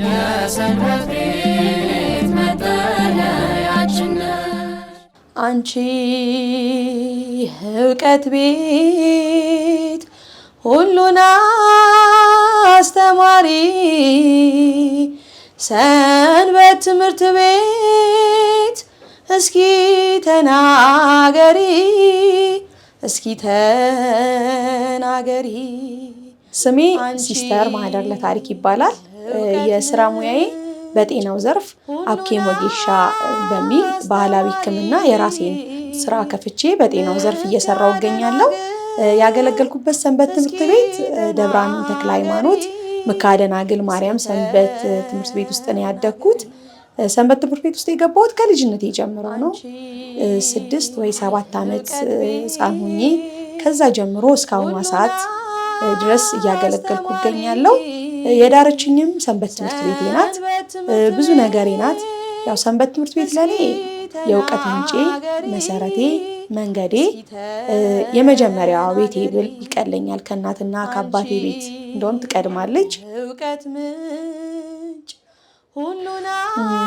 የሰንበት ቤት መጠለያችን አንቺ እውቀት ቤት ሁሉን አስተማሪ ሰንበት ትምህርት ቤት እስኪ ተናገሪ እስኪ ተናገሪ። ስሜ ሲስተር ማህደር ለታሪክ ይባላል። የስራ ሙያዬ በጤናው ዘርፍ አብኬም ወጌሻ በሚል ባህላዊ ሕክምና የራሴን ስራ ከፍቼ በጤናው ዘርፍ እየሰራው እገኛለሁ። ያገለገልኩበት ሰንበት ትምህርት ቤት ደብራን ተክለ ሃይማኖት መካደናግል ማርያም ሰንበት ትምህርት ቤት ውስጥ ነው ያደግኩት። ሰንበት ትምህርት ቤት ውስጥ የገባሁት ከልጅነት ጀምሮ ነው። ስድስት ወይ ሰባት ዓመት ህፃን ሁኜ ከዛ ጀምሮ እስካሁኗ ሰዓት ድረስ እያገለገልኩ እገኛለሁ። የዳረችኝም ሰንበት ትምህርት ቤቴ ናት። ብዙ ነገሬ ናት። ያው ሰንበት ትምህርት ቤት ለኔ የእውቀት ምንጬ፣ መሰረቴ፣ መንገዴ፣ የመጀመሪያ ቤቴ ብል ይቀለኛል። ከእናትና ከአባቴ ቤት እንደውም ትቀድማለች።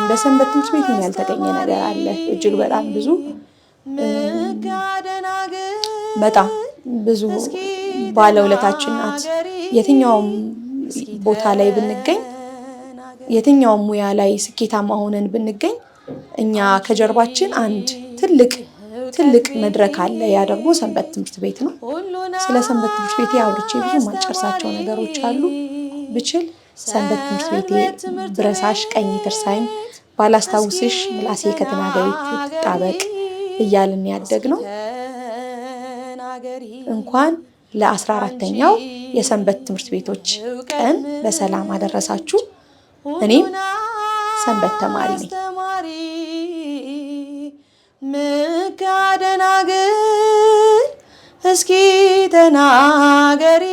በሰንበት ትምህርት ቤት ምን ያልተገኘ ነገር አለ? እጅግ በጣም ብዙ በጣም ብዙ ባለውለታችን ናት። የትኛውም ቦታ ላይ ብንገኝ፣ የትኛውም ሙያ ላይ ስኬታማ ሆነን ብንገኝ እኛ ከጀርባችን አንድ ትልቅ ትልቅ መድረክ አለ። ያ ደግሞ ሰንበት ትምህርት ቤት ነው። ስለ ሰንበት ትምህርት ቤቴ አውርቼ ብዙ ማጨርሳቸው ነገሮች አሉ። ብችል ሰንበት ትምህርት ቤቴ ብረሳሽ ቀኝ ትርሳኝ ባላስታውስሽ ምላሴ ከተናገሪ ትጣበቅ እያልን ያደግ ነው እንኳን ለአስራ አራተኛው የሰንበት ትምህርት ቤቶች ቀን በሰላም አደረሳችሁ። እኔም ሰንበት ተማሪ ነኝ። እስኪ ተናገሪ